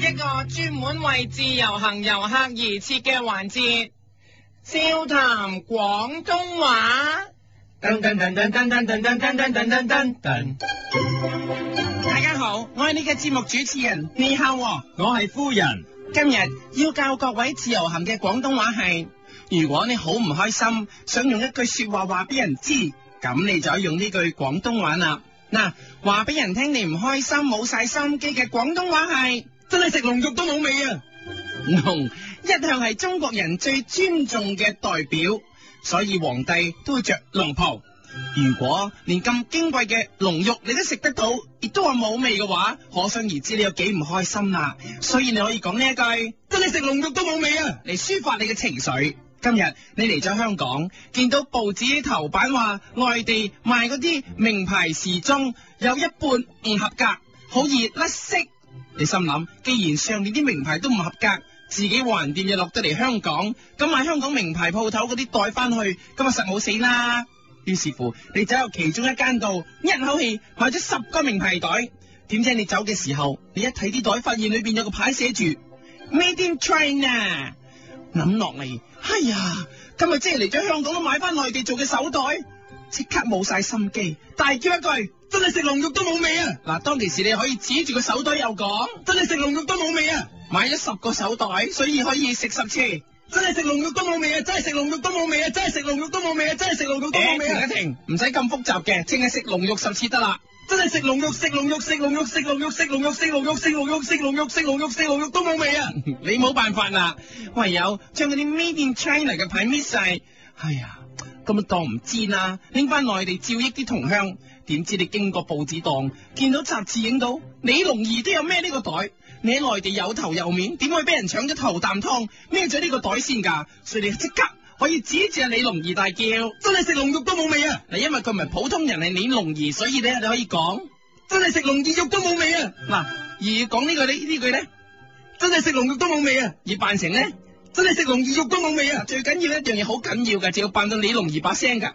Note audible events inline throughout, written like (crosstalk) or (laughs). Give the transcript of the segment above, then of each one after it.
一個專門為自由行遊客而設嘅環節，笑談廣東話。大家好，我係呢個節目主持人，你好啊，我係夫人。今日要教各位自由行嘅廣東話係，如果你好唔開心，想用一句說話話俾人知，咁你就用呢句廣東話啦。嗱，話俾人聽你唔開心、冇晒心機嘅廣東話係。.真係食龍肉都冇味啊！龍一向係中國人最尊重嘅代表，所以皇帝都會着龍袍。如果連咁矜貴嘅龍肉你都食得到，亦都話冇味嘅話，可想而知你有幾唔開心啊！所以你可以講呢一句，真係食龍肉都冇味啊，嚟抒發你嘅情緒。今日你嚟咗香港，見到報紙頭版話，內地賣嗰啲名牌時裝有一半唔合格，好易甩色。你心諗，既然上面啲名牌都唔合格，自己橫掂又落得嚟香港，咁買香港名牌鋪頭嗰啲袋翻去，咁啊實冇死啦。於是乎，你走入其中一間度，一口氣買咗十個名牌袋。點知你走嘅時候，你一睇啲袋，發現裏邊有個牌寫住 Made in China。諗落嚟，哎呀，今日真係嚟咗香港都買翻內地做嘅手袋。即刻冇晒心機，大叫一句：真係食龍肉都冇味啊！嗱，當其時你可以指住個手袋又講：真係食龍肉都冇味啊！買咗十個手袋，所以可以食十次。真係食龍肉都冇味啊！真係食龍肉都冇味啊！真係食龍肉都冇味啊！真係食龍肉都冇味啊！停一停，唔使咁複雜嘅，淨係食龍肉十次得啦。真係食龍肉，食龍肉，食龍肉，食龍肉，食龍肉，食龍肉，食龍肉，食龍肉，食龍肉，食食肉，肉，都冇味啊！你冇辦法啦，唯有將嗰啲 Mid China 嘅牌搣晒。哎呀！咁咪當唔知啦，拎翻內地照益啲同鄉。點知你經過報紙檔，見到雜誌影到李龍二都有孭呢個袋，你喺內地有頭有面，點會俾人搶咗頭啖湯，孭咗呢個袋先㗎？所以你即刻可以指住阿李龍二大叫，真係食龍肉都冇味啊！嗱，因為佢唔係普通人，係李龍二，所以咧你可以講，真係食龍二肉都冇味啊！嗱、嗯，而講呢個呢呢句咧，真係食龍肉都冇味啊！而扮成咧。真係食龍魚肉都冇味啊！ (noise) 最緊要一樣嘢好緊要㗎，就要扮到李龍二把聲㗎。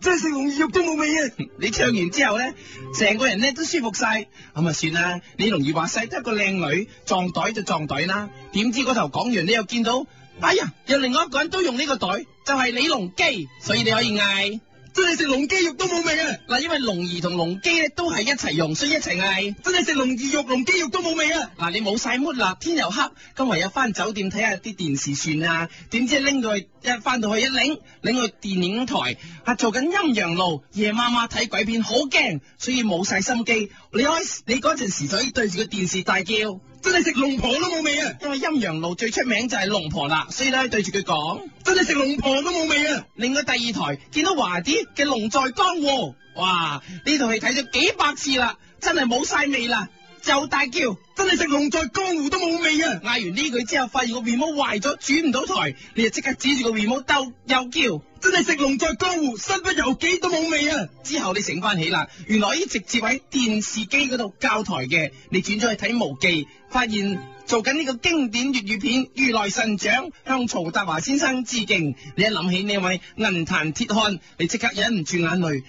真係食龍魚肉都冇味啊！ (noise) 你唱完之後咧，成個人咧都舒服晒。咁啊算啦，李龍二話晒得個靚女撞袋就撞袋啦。點知嗰頭講完，你又見到，哎呀，又另外一個人都用呢個袋，就係李龍基，所以你可以嗌。真係食龍雞肉都冇味啊！嗱，因為龍兒同龍基都係一齊用，所以一齊嗌。真係食龍兒肉、龍雞肉都冇味 (laughs) 啊！嗱，你冇晒 mood 啦！天又黑，今日有翻酒店睇下啲電視算啦。點知拎到去？一翻到去一擰，擰去電影台，係、啊、做緊陰陽路，夜媽媽睇鬼片好驚，所以冇晒心機。你開你嗰陣時就可以對住個電視大叫，真係食龍婆都冇味啊！因為陰陽路最出名就係龍婆啦，所以咧對住佢講，真係食龍婆都冇味啊！擰去第二台，見到華啲嘅龍在江湖、哦，哇！呢套戲睇咗幾百次啦，真係冇晒味啦。就大叫，真係食龍在江湖都冇味啊！嗌完呢句之後，發現個 remote 壞咗，轉唔到台，你就即刻指住個 remote 兜又叫，真係食龍在江湖身不由己都冇味啊！之後你醒翻起啦，原來一直接喺電視機嗰度校台嘅，你轉咗去睇《無忌》，發現做緊呢個經典粵語片《如來神掌》，向曹達華先生致敬。你一諗起呢位銀壇鐵漢，你即刻忍唔住眼淚，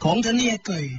講咗呢一句。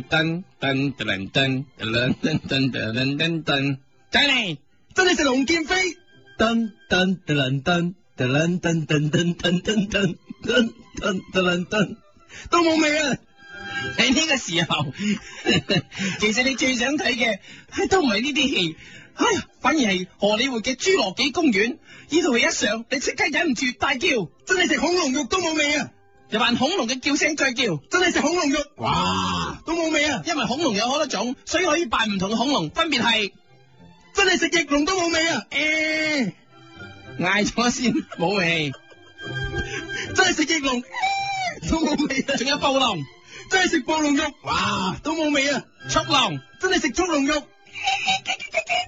噔噔噔噔噔噔噔噔噔噔噔，仔嚟， (noise) 真係食龍劍飛，噔噔噔噔噔噔噔噔噔噔噔噔噔噔噔噔，都冇味啊！喺呢個時候， (laughs) 其實你最想睇嘅，都唔係呢啲戲，唉，反而係荷里活嘅侏羅紀公園，依套戲一上，你即刻忍唔住大叫，真係食恐龍肉都冇味啊！又扮恐龍嘅叫聲再叫，真係食恐龍肉，哇都冇味啊！因為恐龍有好多種，所以可以扮唔同嘅恐龍，分別係真係食翼龍都冇味啊！哎、欸，嗌咗先，冇味。 (laughs) 真係食翼龍、欸，都冇味啊！仲有暴龍，真係食暴龍肉，哇都冇味啊！速龍龍，真係食速龍肉，欸、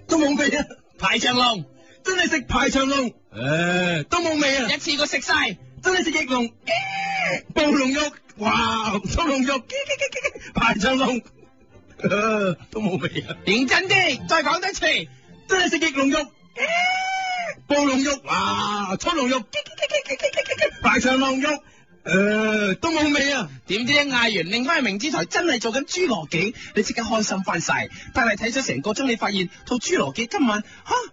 都冇味啊！排長龍，真係食排長龍，誒、欸、都冇味啊！ (laughs) 一次過食晒。真係食翼龍，暴、啊、龍肉，哇，恐龍肉，雞雞雞排長龍，都冇味啊！認真啲，再講多次，真係食翼龍肉，暴、啊、龍肉，哇、啊，恐龍肉，雞雞雞雞雞雞雞雞雞，排長龍肉，誒、啊，都冇味呀！點知一嗌完，令翻明珠台真係做緊侏羅紀，你即刻開心翻晒，但係睇咗成個鐘，你發現套侏羅紀今晚吓。啊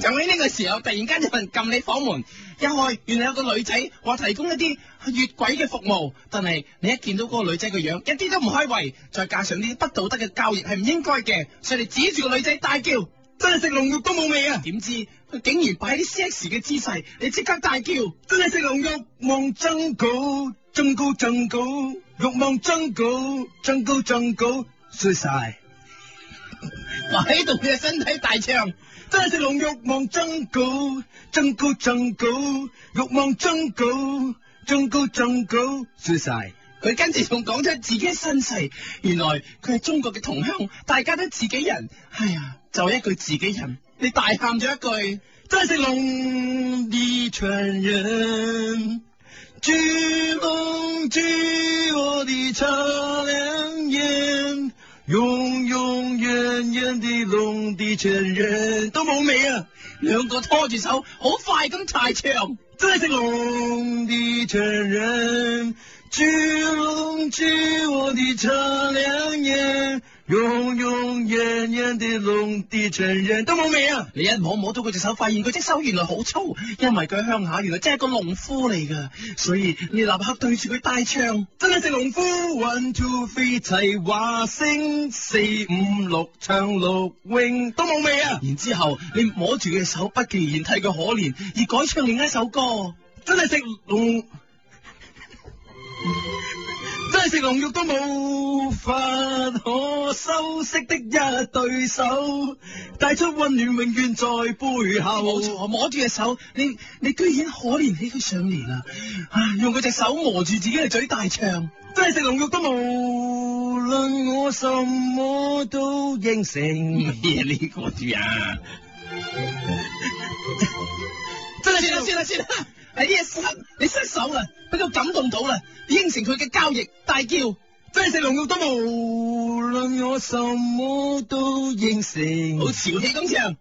就喺呢個時候，突然間有人撳你房門，一開，原來有個女仔話提供一啲越軌嘅服務，但係你一見到嗰個女仔個樣，一啲都唔開胃，再加上呢啲不道德嘅交易，係唔應該嘅，所以指住個女仔大叫，真係食龍肉都冇味啊！點知佢竟然擺啲 s 嘅姿勢，你即刻大叫，真係食龍肉，欲望增高，增高增高，欲望增高，增高增高，衰晒，我喺度嘅身體大腸。真係龍欲望增高，增高增高，欲望增高，增高增高。光說晒，佢跟住仲講出自己身世，原來佢係中國嘅同鄉，大家都自己人。哎呀，就是、一句自己人，你大喊咗一句，真係龍的傳人，築夢築我哋橋樑耶。永永遠遠的龍的傳人都冇味啊，兩個拖住手，好快咁長，真係龍的傳人，巨龍巨龍你擦亮眼。永永遠遠啲龍啲傳人都冇味啊！你一摸摸到佢隻手，發現佢隻手原來好粗，因為佢鄉下，原來真係個農夫嚟㗎，所以你立刻對住佢大唱，真係食農夫。One two three 齊話聲四五六食龍肉都冇味啊！然之後你摸住佢手，不其然替佢可憐，而改唱另一首歌，真係食龍。食龍肉都冇法可修飾的一對手，帶出溫暖永遠在背後。我摸住隻手，你，你居然可憐起佢上嚟啦？唉、啊，用佢隻手磨住自己嘅嘴大腸，真係食龍肉都冇。無論我什麼都應承。咩呢個字啊？ (laughs) (laughs) 真係算啦算啦算啦！ (laughs) 算係呢你失手啦，俾佢感動到啦，應承佢嘅交易，大叫：真係食龍肉都冇論我什麼都應承，好潮氣咁上，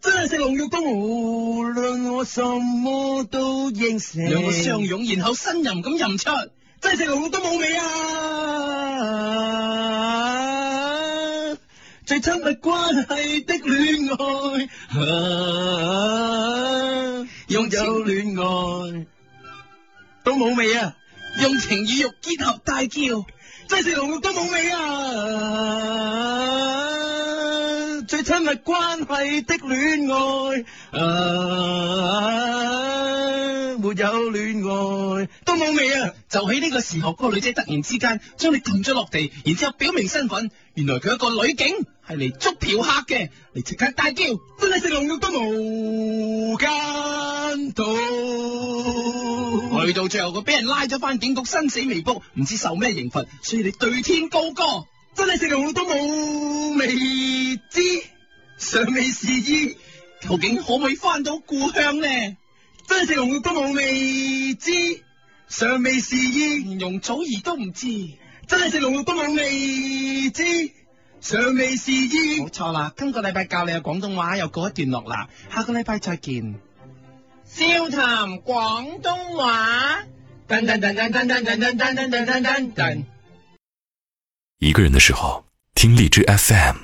真係食龍肉都無論我什麼都應承，兩個相擁，然後呻吟咁吟出，真係食龍肉都冇味呀，最親密關係的戀愛有戀愛都冇味啊，用情與欲結合大叫，真係食龍肉都冇味啊！啊，最親密關係的戀愛啊，沒有戀愛都冇味啊！就喺呢個時候，嗰、那個女仔突然之間將你撳咗落地，然之後表明身份，原來佢一個女警係嚟捉嫖客嘅，嚟即刻大叫，真係食龍肉都冇㗎、啊！去到，到最後，佢俾人拉咗翻警局，生死未卜，唔知受咩刑罰。所以你對天高歌，真係食龍肉都冇未知，尚未時意，究竟可唔可以翻到故鄉呢？真係食龍肉都冇未知，尚未時意，連容祖兒都唔知，真係食龍肉都冇未知，尚未時意。冇錯啦，今個禮拜教你嘅廣東話又過一段落啦，下個禮拜再見。笑談廣東話，一個人的時候，聽荔枝 FM。